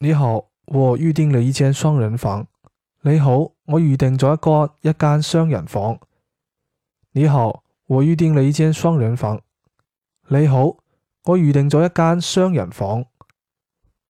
你好，我預訂了一間雙人房。你好，我預訂咗一間一間雙人房。你好，我預訂了一間雙人房。你好，我預訂咗一間雙人房。